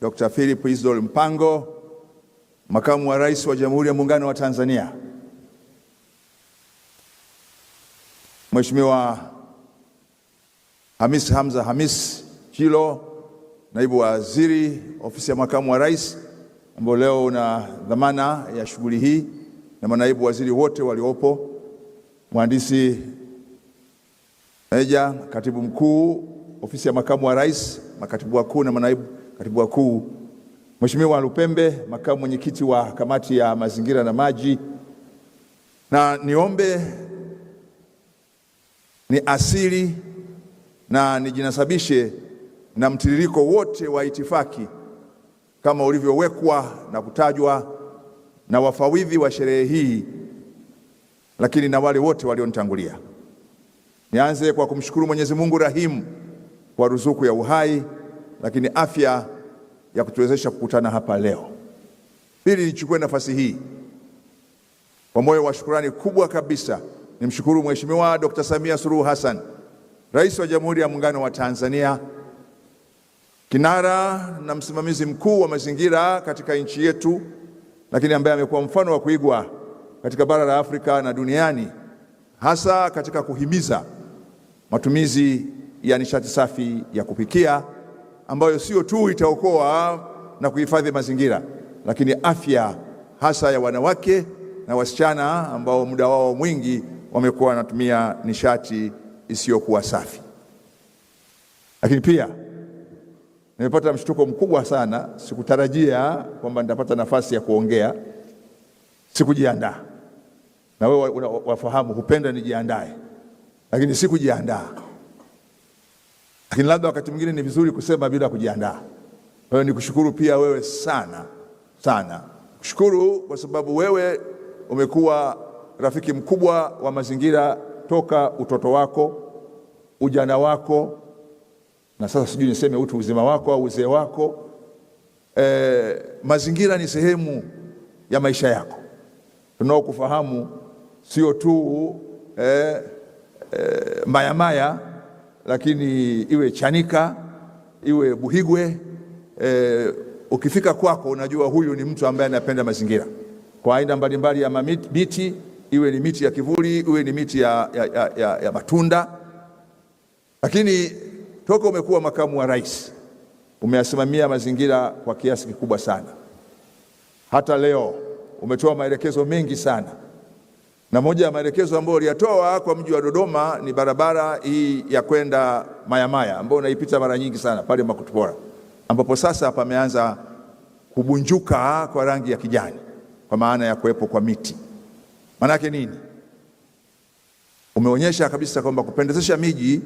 Dr. Philip Isdor Mpango, makamu wa rais wa Jamhuri ya Muungano wa Tanzania, Mheshimiwa Hamis Hamza Hamis Chilo, naibu waziri ofisi ya makamu wa rais, ambao leo una dhamana ya shughuli hii, na manaibu waziri wote waliopo, mhandisi Meja, katibu mkuu ofisi ya makamu wa rais, makatibu wakuu na manaibu katibu wakuu, Mheshimiwa Lupembe, makamu mwenyekiti wa kamati ya mazingira na maji, na niombe ni asili na nijinasabishe na mtiririko wote wa itifaki kama ulivyowekwa na kutajwa na wafawidhi wa sherehe hii, lakini na wale wote walionitangulia. Nianze kwa kumshukuru Mwenyezi Mungu rahimu kwa ruzuku ya uhai lakini afya ya kutuwezesha kukutana hapa leo. Pili, nichukue nafasi hii kwa moyo wa shukurani kubwa kabisa nimshukuru Mheshimiwa Dr. Samia Suluhu Hassan, Rais wa Jamhuri ya Muungano wa Tanzania, kinara na msimamizi mkuu wa mazingira katika nchi yetu, lakini ambaye amekuwa mfano wa kuigwa katika bara la Afrika na duniani, hasa katika kuhimiza matumizi ya nishati safi ya kupikia ambayo sio tu itaokoa na kuhifadhi mazingira, lakini afya hasa ya wanawake na wasichana ambao muda wao mwingi wamekuwa wanatumia nishati isiyokuwa safi. Lakini pia nimepata mshtuko mkubwa sana, sikutarajia kwamba nitapata nafasi ya kuongea, sikujiandaa. Na wewe wafahamu, hupenda nijiandae, lakini sikujiandaa lakini labda wakati mwingine ni vizuri kusema bila kujiandaa. Kwa hiyo nikushukuru pia wewe sana sana, kushukuru kwa sababu wewe umekuwa rafiki mkubwa wa mazingira toka utoto wako, ujana wako, na sasa sijui niseme utu uzima wako au uzee wako. E, mazingira ni sehemu ya maisha yako. Tunaokufahamu sio tu e, e, mayamaya lakini iwe Chanika iwe Buhigwe e, ukifika kwako unajua huyu ni mtu ambaye anapenda mazingira kwa aina mbalimbali ya miti, iwe ni miti ya kivuli iwe ni miti ya, ya, ya, ya matunda. Lakini toka umekuwa makamu wa rais umeyasimamia mazingira kwa kiasi kikubwa sana. Hata leo umetoa maelekezo mengi sana na moja ya maelekezo ambayo aliyatoa kwa mji wa Dodoma ni barabara hii ya kwenda Mayamaya ambayo naipita mara nyingi sana pale Makutupora, ambapo sasa pameanza kubunjuka kwa rangi ya kijani kwa maana ya kuwepo kwa miti. Maanake nini? Umeonyesha kabisa kwamba kupendezesha miji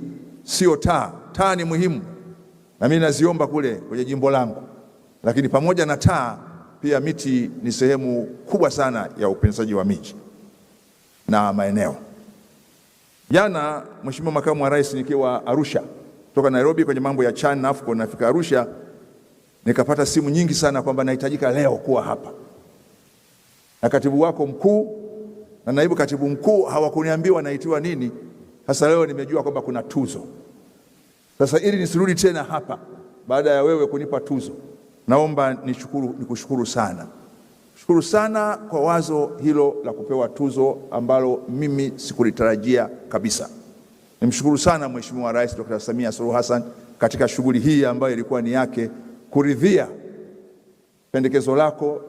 sio taa. Taa ni muhimu, na mimi naziomba kule kwenye jimbo langu, lakini pamoja na taa pia miti ni sehemu kubwa sana ya upendezaji wa miji na maeneo. Jana Mheshimiwa Makamu wa Rais, nikiwa Arusha kutoka Nairobi kwenye mambo ya CHAN na AFCON, nafika Arusha nikapata simu nyingi sana kwamba nahitajika leo kuwa hapa, na katibu wako mkuu na naibu katibu mkuu hawakuniambia naitiwa nini. Sasa leo nimejua kwamba kuna tuzo. Sasa ili nisirudi tena hapa baada ya wewe kunipa tuzo, naomba nishukuru, nikushukuru sana. Shukuru sana kwa wazo hilo la kupewa tuzo ambalo mimi sikulitarajia kabisa. Nimshukuru sana Mheshimiwa Rais Dr. Samia Suluhu Hassan katika shughuli hii ambayo ilikuwa ni yake kuridhia pendekezo lako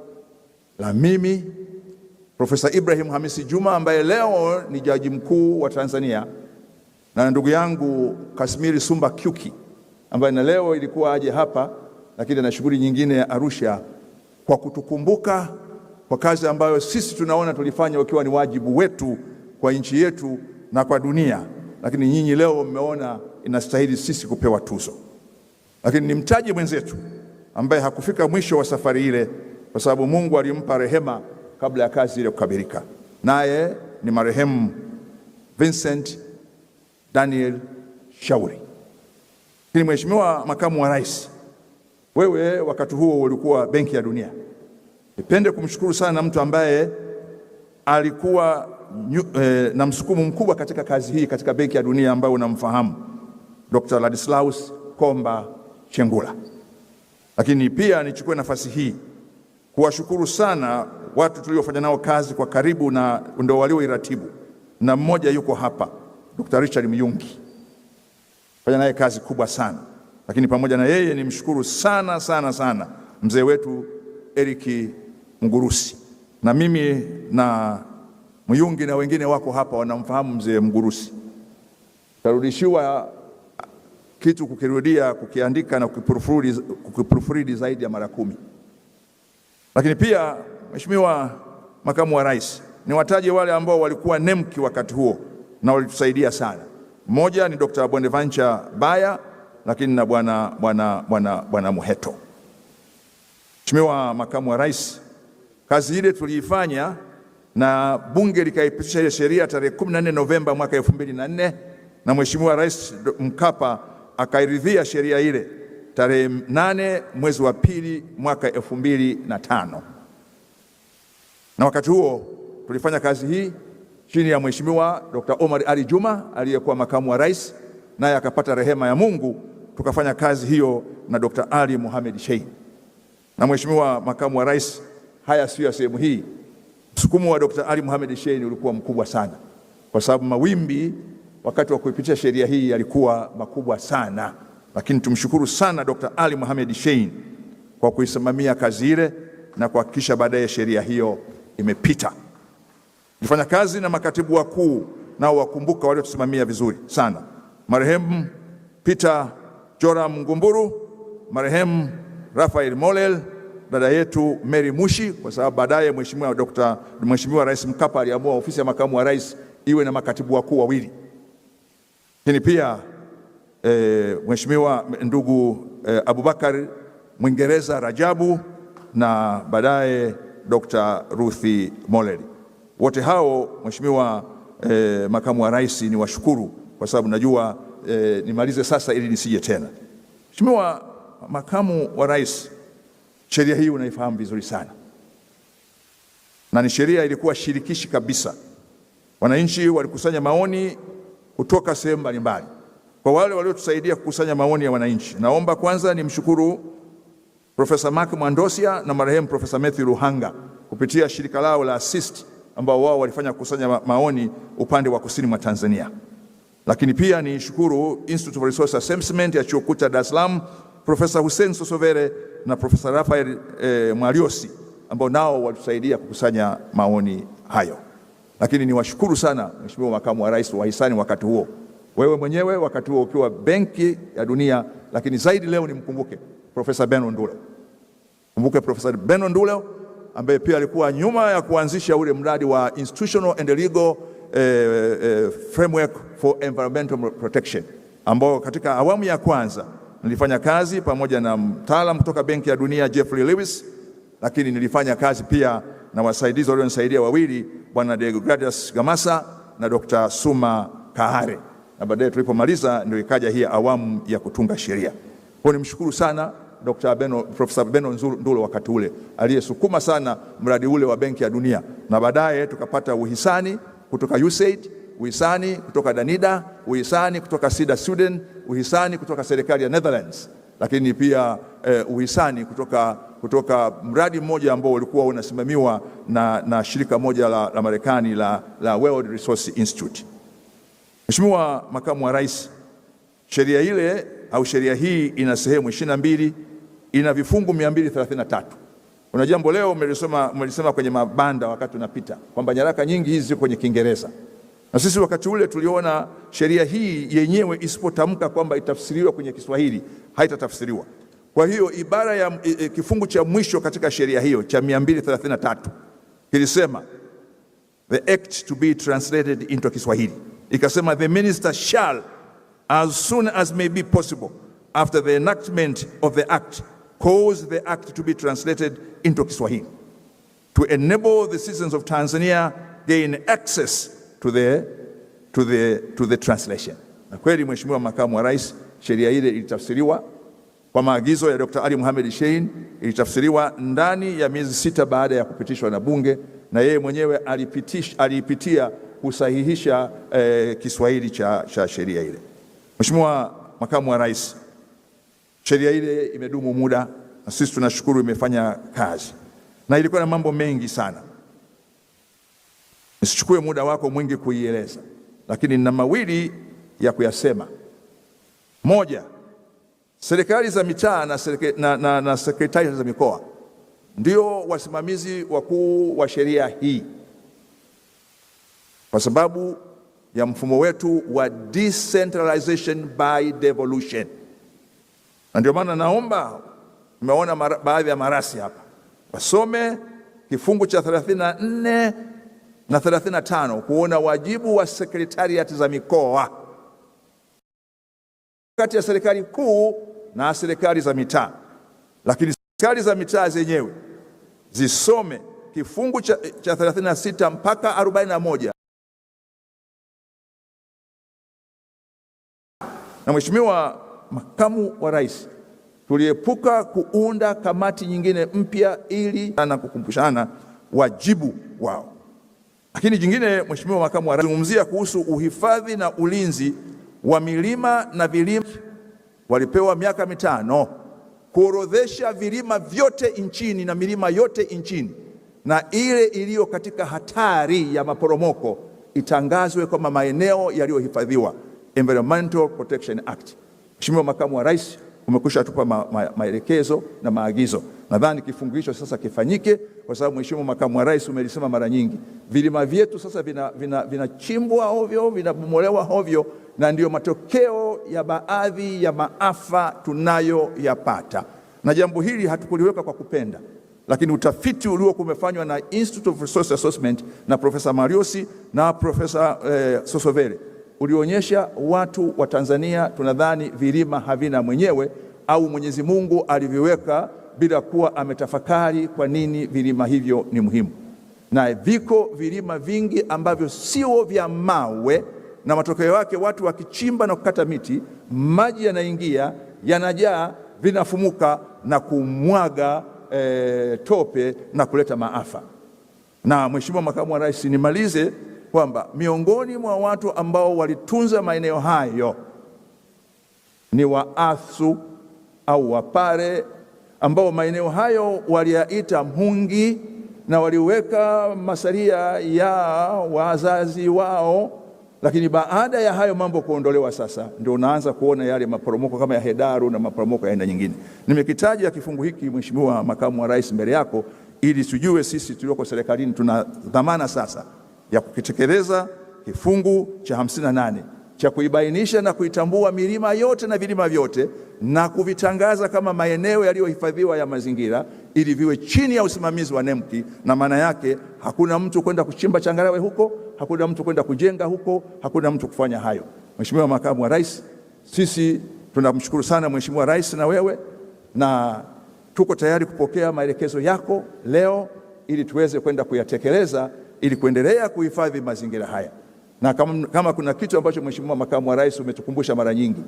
la mimi Profesa Ibrahim Hamisi Juma ambaye leo ni jaji mkuu wa Tanzania na ndugu yangu Kasmiri Sumba Kyuki ambaye na leo ilikuwa aje hapa, lakini ana shughuli nyingine ya Arusha, kwa kutukumbuka kwa kazi ambayo sisi tunaona tulifanya ukiwa ni wajibu wetu kwa nchi yetu na kwa dunia, lakini nyinyi leo mmeona inastahili sisi kupewa tuzo. Lakini ni mtaji mwenzetu ambaye hakufika mwisho wa safari ile, kwa sababu Mungu alimpa rehema kabla ya kazi ile kukamilika, naye ni marehemu Vincent Daniel Shauri. Lakini Mheshimiwa Makamu wa Rais, wewe wakati huo ulikuwa Benki ya Dunia. Nipende kumshukuru sana mtu ambaye alikuwa e, na msukumo mkubwa katika kazi hii katika Benki ya Dunia ambayo unamfahamu Dr. Ladislaus Komba Chengula. Lakini pia nichukue nafasi hii kuwashukuru sana watu tuliofanya nao kazi kwa karibu na ndio walioiratibu, na mmoja yuko hapa, Dr. Richard myungi fanya naye kazi kubwa sana. Lakini pamoja na yeye nimshukuru sana sana sana mzee wetu Eriki Mgurusi, na mimi na Myungi na wengine wako hapa wanamfahamu mzee Mgurusi. Tarudishiwa kitu kukirudia, kukiandika na kukipurufuridi zaidi ya mara kumi. Lakini pia Mheshimiwa Makamu wa Rais, ni wataje wale ambao walikuwa nemki wakati huo na walitusaidia sana. Mmoja ni Dr. Bonaventure Baya, lakini na bwana bwana bwana Muheto. Mheshimiwa Makamu wa Rais, Kazi ile tuliifanya na bunge likaipitisha ile sheria tarehe 14 Novemba mwaka 2004 na Mheshimiwa Rais Mkapa akairidhia sheria ile tarehe 8 mwezi wa pili mwaka elfu2ia mbili Na wakati huo tulifanya kazi hii chini ya Mheshimiwa Dr. Omar Ali Juma aliyekuwa makamu wa rais, naye akapata rehema ya Mungu, tukafanya kazi hiyo na Dr. Ali muhamed Shein. Na Mheshimiwa makamu wa rais haya siyo ya sehemu hii. Msukumo wa Dr. Ali Mohamed Shein ulikuwa mkubwa sana, kwa sababu mawimbi wakati wa kuipitisha sheria hii yalikuwa makubwa sana, lakini tumshukuru sana Dr. Ali Mohamed Shein kwa kuisimamia kazi ile na kuhakikisha baadaye sheria hiyo imepita. Nilifanya kazi na makatibu wakuu, nao wakumbuka waliotusimamia vizuri sana, marehemu Peter Joram Ngumburu, marehemu Rafael Molel dada yetu Mary Mushi, kwa sababu baadaye mheshimiwa Dr. Mheshimiwa Rais Mkapa aliamua ofisi ya makamu wa rais iwe na makatibu wakuu wawili, lakini pia e, mheshimiwa ndugu e, Abubakar Mwingereza Rajabu na baadaye Dr. Ruthi Moleri. Wote hao mheshimiwa e, makamu wa rais, ni washukuru kwa sababu najua e, nimalize sasa ili nisije tena. Mheshimiwa makamu wa rais Sheria hii unaifahamu vizuri sana, na ni sheria ilikuwa shirikishi kabisa. Wananchi walikusanya maoni kutoka sehemu mbalimbali. Kwa wale waliotusaidia kukusanya maoni ya wananchi, naomba kwanza nimshukuru Profesa Mark Mwandosia na marehemu Profesa Matthew Ruhanga kupitia shirika lao la Assist ambao wao walifanya kukusanya maoni upande wa kusini mwa Tanzania. Lakini pia ni shukuru Institute of Resource Assessment ya Chuo Kikuu cha Dar es Salaam, Profesa Hussein Sosovere na Profesa Rafael e, eh, Mwariosi ambao nao walitusaidia kukusanya maoni hayo. Lakini niwashukuru sana Mheshimiwa Makamu wa Rais, wahisani wakati huo, wewe mwenyewe wakati huo ukiwa Benki ya Dunia, lakini zaidi leo nimkumbuke Profesa Beno Ndule. Kumbuke Profesa Beno Ndule ambaye pia alikuwa nyuma ya kuanzisha ule mradi wa Institutional and Legal eh, eh, Framework for Environmental Protection ambao katika awamu ya kwanza Nilifanya kazi pamoja na mtaalam kutoka Benki ya Dunia Jeffrey Lewis, lakini nilifanya kazi pia na wasaidizi walionisaidia wawili, Bwana Deogratias Gamasa na Dr. Suma Kahare, na baadaye tulipomaliza ndio ikaja hii awamu ya kutunga sheria. Kwa nimshukuru sana Dr. Beno, Professor Beno Ndulu wakati ule aliyesukuma sana mradi ule wa Benki ya Dunia, na baadaye tukapata uhisani kutoka USAID uhisani kutoka Danida, uhisani kutoka Sida Sweden, uhisani kutoka serikali ya Netherlands, lakini pia eh, uhisani kutoka, kutoka mradi mmoja ambao ulikuwa unasimamiwa na, na shirika moja la, la Marekani la, la World Resource Institute. Mheshimiwa Makamu wa Rais, sheria ile au sheria hii ina sehemu 22 ina vifungu 233. Kuna jambo leo umelisema kwenye mabanda wakati unapita kwamba nyaraka nyingi hizi ziko kwenye Kiingereza. Na sisi wakati ule tuliona sheria hii yenyewe isipotamka kwamba itafsiriwa kwenye Kiswahili haitatafsiriwa. Kwa hiyo ibara ya e, e kifungu cha mwisho katika sheria hiyo cha 233 kilisema the act to be translated into Kiswahili, ikasema the minister shall as soon as may be possible after the enactment of the act cause the act to be translated into Kiswahili to enable the citizens of Tanzania gain access to the, to the, to the translation. Na kweli Mheshimiwa Makamu wa Rais, sheria ile ilitafsiriwa kwa maagizo ya Dr. Ali Mohamed Shein, ilitafsiriwa ndani ya miezi sita baada ya kupitishwa na Bunge, na yeye mwenyewe alipitish, alipitia kusahihisha eh, Kiswahili cha, cha sheria ile. Mheshimiwa Makamu wa Rais, sheria ile imedumu muda na sisi tunashukuru imefanya kazi, na ilikuwa na mambo mengi sana Nisichukue muda wako mwingi kuieleza, lakini nina mawili ya kuyasema. Moja, serikali za mitaa na, na, na, na sekretari za mikoa ndio wasimamizi wakuu wa sheria hii kwa sababu ya mfumo wetu wa decentralization by devolution, na ndio maana naomba, umeona baadhi ya marasi hapa wasome kifungu cha 34 na 35 kuona wajibu wa sekretariati za mikoa kati ya serikali kuu na serikali za mitaa, lakini serikali za mitaa zenyewe zisome kifungu cha, cha 36 mpaka 41. Na Mheshimiwa Makamu wa Rais, tuliepuka kuunda kamati nyingine mpya ili na kukumbushana wajibu wao. Lakini jingine, Mheshimiwa Makamu wa Rais zungumzia kuhusu uhifadhi na ulinzi wa milima na vilima. Walipewa miaka mitano kuorodhesha vilima vyote nchini na milima yote nchini na ile iliyo katika hatari ya maporomoko itangazwe kama maeneo yaliyohifadhiwa, Environmental Protection Act. Mheshimiwa Makamu wa Rais, umekwisha tupa ma ma maelekezo na maagizo. Nadhani kifungu hicho sasa kifanyike, kwa sababu Mheshimiwa Makamu wa Rais, umelisema mara nyingi, vilima vyetu sasa vinachimbwa vina, vina ovyo vinabomolewa ovyo, na ndiyo matokeo ya baadhi ya maafa tunayoyapata, na jambo hili hatukuliweka kwa kupenda, lakini utafiti ulio umefanywa na Institute of Resource Assessment na Profesa Mariosi na Profesa eh, Sosovere ulionyesha watu wa Tanzania tunadhani vilima havina mwenyewe au Mwenyezi Mungu aliviweka bila kuwa ametafakari kwa nini vilima hivyo ni muhimu. Na viko vilima vingi ambavyo sio vya mawe, na matokeo yake watu wakichimba na kukata miti, maji yanaingia, yanajaa, vinafumuka na kumwaga e, tope na kuleta maafa. Na Mheshimiwa Makamu wa Rais, nimalize kwamba miongoni mwa watu ambao walitunza maeneo hayo ni Waasu au Wapare ambao maeneo hayo waliyaita mhungi na waliweka masalia ya wazazi wao. Lakini baada ya hayo mambo kuondolewa, sasa ndio unaanza kuona yale maporomoko kama ya Hedaru na maporomoko ya aina nyingine. Nimekitaja kifungu hiki, Mheshimiwa Makamu wa Rais, mbele yako ili tujue sisi tulioko serikalini tuna dhamana sasa ya kukitekeleza kifungu cha 58 cha kuibainisha na kuitambua milima yote na vilima vyote na kuvitangaza kama maeneo yaliyohifadhiwa ya mazingira ili viwe chini ya usimamizi wa NEMKI. Na maana yake hakuna mtu kwenda kuchimba changarawe huko, hakuna mtu kwenda kujenga huko, hakuna mtu kufanya hayo. Mheshimiwa Makamu wa Rais, sisi tunamshukuru sana Mheshimiwa Rais na wewe, na tuko tayari kupokea maelekezo yako leo ili tuweze kwenda kuyatekeleza ili kuendelea kuhifadhi mazingira haya na kama, kama kuna kitu ambacho Mheshimiwa Makamu wa Rais umetukumbusha mara nyingi,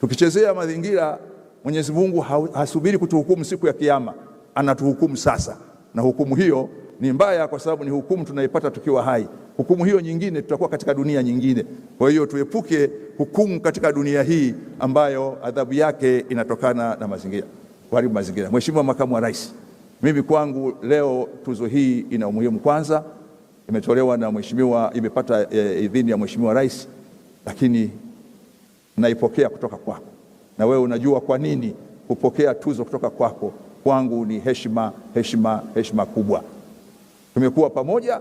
tukichezea mazingira, Mwenyezi Mungu hasubiri kutuhukumu siku ya Kiyama, anatuhukumu sasa, na hukumu hiyo ni mbaya, kwa sababu ni hukumu tunaipata tukiwa hai. Hukumu hiyo nyingine, tutakuwa katika dunia nyingine. Kwa hiyo tuepuke hukumu katika dunia hii ambayo adhabu yake inatokana na mazingira, kuharibu mazingira. Mheshimiwa Makamu wa Rais, mimi kwangu leo tuzo hii ina umuhimu kwanza imetolewa na mheshimiwa, imepata e, idhini ya mheshimiwa rais, lakini naipokea kutoka kwako, na wewe unajua kwa nini kupokea tuzo kutoka kwako kwangu ni heshima, heshima, heshima kubwa. Tumekuwa pamoja,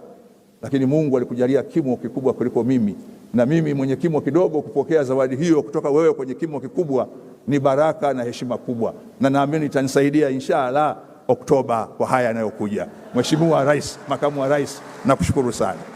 lakini Mungu alikujalia kimo kikubwa kuliko mimi, na mimi mwenye kimo kidogo, kupokea zawadi hiyo kutoka wewe kwenye kimo kikubwa ni baraka na heshima kubwa, na naamini itanisaidia inshallah Oktoba kwa haya yanayokuja. Mheshimiwa Rais, Makamu wa Rais, nakushukuru sana.